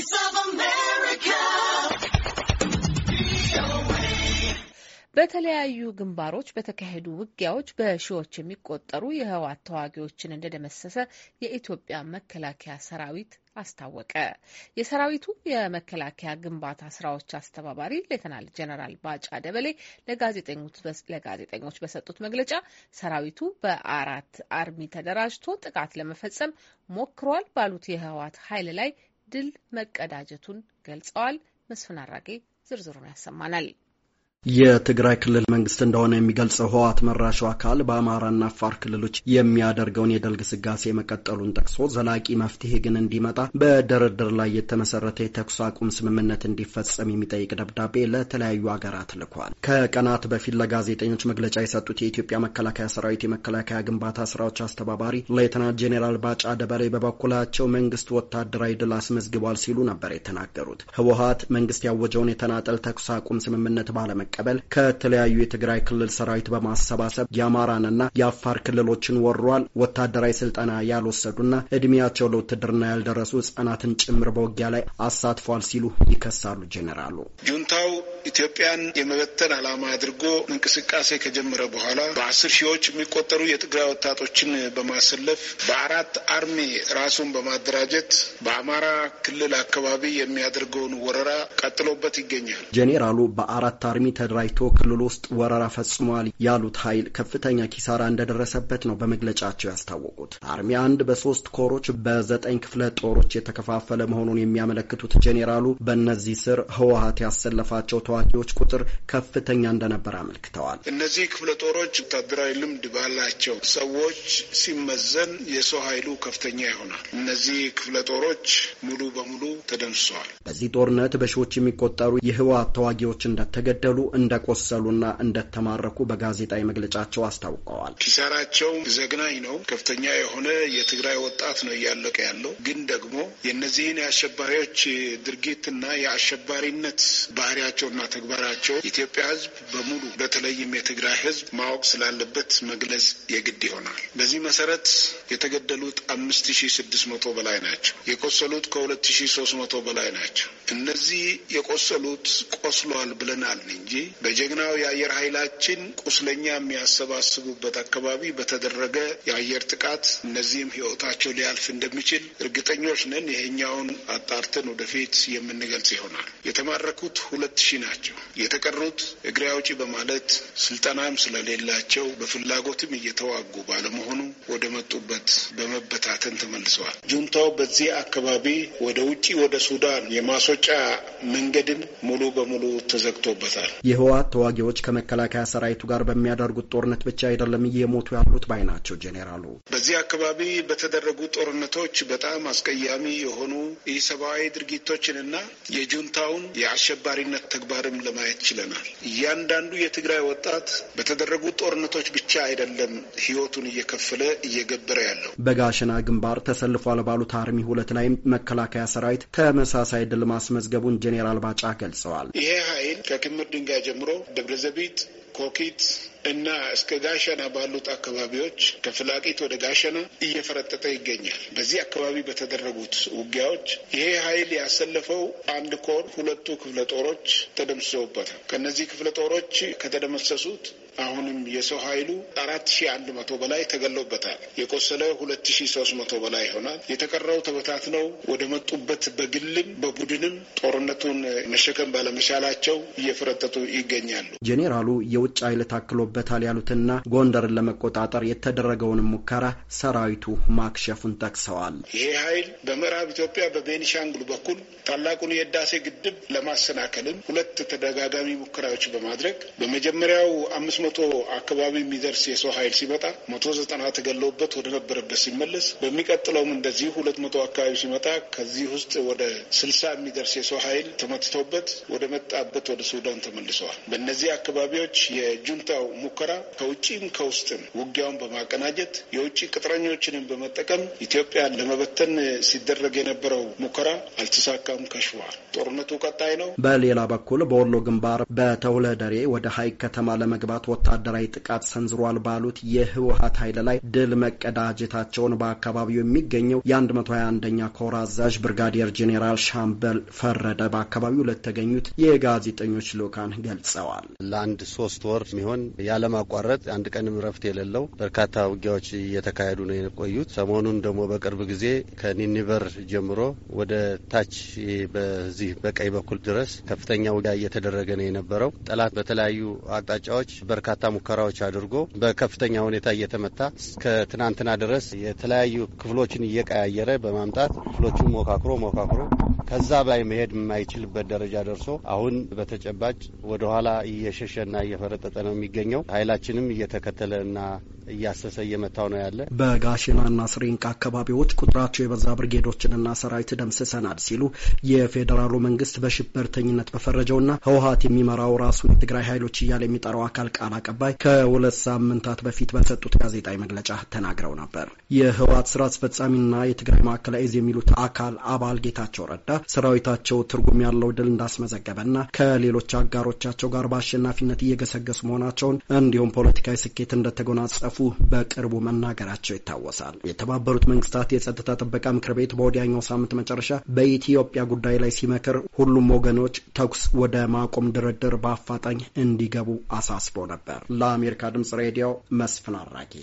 Voice of America. በተለያዩ ግንባሮች በተካሄዱ ውጊያዎች በሺዎች የሚቆጠሩ የህወሓት ተዋጊዎችን እንደደመሰሰ የኢትዮጵያ መከላከያ ሰራዊት አስታወቀ። የሰራዊቱ የመከላከያ ግንባታ ስራዎች አስተባባሪ ሌተናል ጀነራል ባጫ ደበሌ ለጋዜጠኞች በሰጡት መግለጫ ሰራዊቱ በአራት አርሚ ተደራጅቶ ጥቃት ለመፈጸም ሞክሯል ባሉት የህወሓት ኃይል ላይ ድል መቀዳጀቱን ገልጸዋል። መስፍን አራጌ ዝርዝሩን ያሰማናል። የትግራይ ክልል መንግስት እንደሆነ የሚገልጸው ህወሓት መራሹ አካል በአማራና አፋር ክልሎች የሚያደርገውን የደል ግስጋሴ መቀጠሉን ጠቅሶ ዘላቂ መፍትሄ ግን እንዲመጣ በድርድር ላይ የተመሰረተ የተኩስ አቁም ስምምነት እንዲፈጸም የሚጠይቅ ደብዳቤ ለተለያዩ ሀገራት ልኳል። ከቀናት በፊት ለጋዜጠኞች መግለጫ የሰጡት የኢትዮጵያ መከላከያ ሰራዊት የመከላከያ ግንባታ ስራዎች አስተባባሪ ሌተናንት ጄኔራል ባጫ ደበሬ በበኩላቸው መንግስት ወታደራዊ ድል አስመዝግቧል ሲሉ ነበር የተናገሩት። ህወሓት መንግስት ያወጀውን የተናጠል ተኩስ አቁም ስምምነት ባለመ ለመቀበል ከተለያዩ የትግራይ ክልል ሰራዊት በማሰባሰብ የአማራንና የአፋር ክልሎችን ወሯል። ወታደራዊ ስልጠና ያልወሰዱና እድሜያቸው ለውትድርና ያልደረሱ ህጻናትን ጭምር በውጊያ ላይ አሳትፏል ሲሉ ይከሳሉ። ጄኔራሉ ጁንታው ኢትዮጵያን የመበተን ዓላማ አድርጎ እንቅስቃሴ ከጀመረ በኋላ በአስር ሺዎች የሚቆጠሩ የትግራይ ወጣቶችን በማሰለፍ በአራት አርሚ ራሱን በማደራጀት በአማራ ክልል አካባቢ የሚያደርገውን ወረራ ቀጥሎበት ይገኛል። ጄኔራሉ በአራት አርሚ ተደራጅቶ ክልል ውስጥ ወረራ ፈጽሟል ያሉት ኃይል ከፍተኛ ኪሳራ እንደደረሰበት ነው በመግለጫቸው ያስታወቁት። አርሚ አንድ በሶስት ኮሮች በዘጠኝ ክፍለ ጦሮች የተከፋፈለ መሆኑን የሚያመለክቱት ጄኔራሉ በእነዚህ ስር ህወሀት ያሰለፋቸው ተዋጊዎች ቁጥር ከፍተኛ እንደነበር አመልክተዋል። እነዚህ ክፍለ ጦሮች ወታደራዊ ልምድ ባላቸው ሰዎች ሲመዘን የሰው ኃይሉ ከፍተኛ ይሆናል። እነዚህ ክፍለ ጦሮች ሙሉ በሙሉ ተደምስሰዋል። በዚህ ጦርነት በሺዎች የሚቆጠሩ የህወሀት ተዋጊዎች እንደተገደሉ እንደቆሰሉና እንደተማረኩ በጋዜጣዊ መግለጫቸው አስታውቀዋል። ኪሳራቸው ዘግናኝ ነው። ከፍተኛ የሆነ የትግራይ ወጣት ነው እያለቀ ያለው። ግን ደግሞ የእነዚህን የአሸባሪዎች ድርጊትና የአሸባሪነት ባህሪያቸውና ተግባራቸው ኢትዮጵያ ሕዝብ በሙሉ በተለይም የትግራይ ሕዝብ ማወቅ ስላለበት መግለጽ የግድ ይሆናል። በዚህ መሰረት የተገደሉት አምስት ሺ ስድስት መቶ በላይ ናቸው። የቆሰሉት ከሁለት ሺ ሶስት መቶ በላይ ናቸው። እነዚህ የቆሰሉት ቆስሏል ብለናል እንጂ በጀግናው የአየር ኃይላችን ቁስለኛ የሚያሰባስቡበት አካባቢ በተደረገ የአየር ጥቃት እነዚህም ህይወታቸው ሊያልፍ እንደሚችል እርግጠኞች ነን። ይሄኛውን አጣርተን ወደፊት የምንገልጽ ይሆናል። የተማረኩት ሁለት ሺህ ናቸው። የተቀሩት እግሬ አውጪ በማለት ስልጠናም ስለሌላቸው በፍላጎትም እየተዋጉ ባለመሆኑ ወደ መጡበት በመበታተን ተመልሰዋል። ጁንታው በዚህ አካባቢ ወደ ውጪ ወደ ሱዳን የማስወጫ መንገድን ሙሉ በሙሉ ተዘግቶበታል። የህወሓት ተዋጊዎች ከመከላከያ ሰራዊቱ ጋር በሚያደርጉት ጦርነት ብቻ አይደለም እየሞቱ ያሉት ባይ ናቸው ጄኔራሉ። በዚህ አካባቢ በተደረጉ ጦርነቶች በጣም አስቀያሚ የሆኑ ኢሰብአዊ ድርጊቶችንና የጁንታውን የአሸባሪነት ተግባርም ለማየት ችለናል። እያንዳንዱ የትግራይ ወጣት በተደረጉ ጦርነቶች ብቻ አይደለም ህይወቱን እየከፈለ እየገበረ ያለው። በጋሸና ግንባር ተሰልፏል ባሉት አርሚ ሁለት ላይም መከላከያ ሰራዊት ተመሳሳይ ድል ማስመዝገቡን ጄኔራል ባጫ ገልጸዋል። ይሄ ኃይል ከክምር ድንጋይ ጀምሮ ደብረዘቢት ኮኪት እና እስከ ጋሸና ባሉት አካባቢዎች ከፍላቂት ወደ ጋሸና እየፈረጠጠ ይገኛል። በዚህ አካባቢ በተደረጉት ውጊያዎች ይሄ ኃይል ያሰለፈው አንድ ኮር ሁለቱ ክፍለ ጦሮች ተደምስሰውበታል። ከነዚህ ክፍለ ጦሮች ከተደመሰሱት አሁንም የሰው ኃይሉ አራት ሺ አንድ መቶ በላይ ተገሎበታል። የቆሰለ ሁለት ሺ ሶስት መቶ በላይ ይሆናል። የተቀረው ተበታትነው ወደ መጡበት በግልም በቡድንም ጦርነቱን መሸከም ባለመቻላቸው እየፈረጠጡ ይገኛሉ። ጄኔራሉ የውጭ ኃይል ታክሎበታል ያሉትና ጎንደርን ለመቆጣጠር የተደረገውን ሙከራ ሰራዊቱ ማክሸፉን ጠቅሰዋል። ይሄ ኃይል በምዕራብ ኢትዮጵያ በቤኒሻንጉል በኩል ታላቁን የህዳሴ ግድብ ለማሰናከልም ሁለት ተደጋጋሚ ሙከራዎች በማድረግ በመጀመሪያው አምስት መቶ አካባቢ የሚደርስ የሰው ኃይል ሲመጣ መቶ ዘጠና ተገለውበት ወደ ነበረበት ሲመለስ በሚቀጥለውም እንደዚህ ሁለት መቶ አካባቢ ሲመጣ ከዚህ ውስጥ ወደ ስልሳ የሚደርስ የሰው ኃይል ተመትቶበት ወደ መጣበት ወደ ሱዳን ተመልሰዋል። በእነዚህ አካባቢዎች የጁንታው ሙከራ ከውጭም ከውስጥም ውጊያውን በማቀናጀት የውጭ ቅጥረኞችንም በመጠቀም ኢትዮጵያን ለመበተን ሲደረግ የነበረው ሙከራ አልተሳካም፣ ከሽፏል። ጦርነቱ ቀጣይ ነው። በሌላ በኩል በወሎ ግንባር በተውለደሬ ወደ ሀይቅ ከተማ ለመግባት ወታደራዊ ጥቃት ሰንዝሯል ባሉት የህወሀት ኃይል ላይ ድል መቀዳጀታቸውን በአካባቢው የሚገኘው የ121ኛ ኮር አዛዥ ብርጋዲየር ጄኔራል ሻምበል ፈረደ በአካባቢው ለተገኙት የጋዜጠኞች ልኡካን ገልጸዋል። ለአንድ ሶስት ወር የሚሆን ያለማቋረጥ አንድ ቀንም ረፍት የሌለው በርካታ ውጊያዎች እየተካሄዱ ነው የቆዩት። ሰሞኑን ደግሞ በቅርብ ጊዜ ከኒኒበር ጀምሮ ወደ ታች በዚህ በቀይ በኩል ድረስ ከፍተኛ ውጊያ እየተደረገ ነው የነበረው። ጠላት በተለያዩ አቅጣጫዎች በርካታ ሙከራዎች አድርጎ በከፍተኛ ሁኔታ እየተመታ እስከ ትናንትና ድረስ የተለያዩ ክፍሎችን እየቀያየረ በማምጣት ክፍሎቹን ሞካክሮ ሞካክሮ ከዛ በላይ መሄድ የማይችልበት ደረጃ ደርሶ አሁን በተጨባጭ ወደኋላ እየሸሸና እየፈረጠጠ ነው የሚገኘው። ኃይላችንም እየተከተለና እያሰሰ እየመታው ነው ያለ። በጋሽናና ስሪንቃ አካባቢዎች ቁጥራቸው የበዛ ብርጌዶችንና ሰራዊት ደምስሰናል ሲሉ የፌዴራሉ መንግስት በሽበርተኝነት በፈረጀውና ህወሀት የሚመራው ራሱ የትግራይ ኃይሎች እያለ የሚጠራው አካል ቃል አቀባይ ከሁለት ሳምንታት በፊት በሰጡት ጋዜጣዊ መግለጫ ተናግረው ነበር። የህወሀት ስራ አስፈጻሚና የትግራይ ማዕከላዊ እዝ የሚሉት አካል አባል ጌታቸው ረዳ ሰራዊታቸው ትርጉም ያለው ድል እንዳስመዘገበና ከሌሎች አጋሮቻቸው ጋር በአሸናፊነት እየገሰገሱ መሆናቸውን እንዲሁም ፖለቲካዊ ስኬት እንደተጎናጸፉ በቅርቡ መናገራቸው ይታወሳል። የተባበሩት መንግስታት የጸጥታ ጥበቃ ምክር ቤት በወዲያኛው ሳምንት መጨረሻ በኢትዮጵያ ጉዳይ ላይ ሲመክር ሁሉም ወገኖች ተኩስ ወደ ማቆም ድርድር በአፋጣኝ እንዲገቡ አሳስቦ ነበር። ለአሜሪካ ድምጽ ሬዲዮ መስፍን አራጌ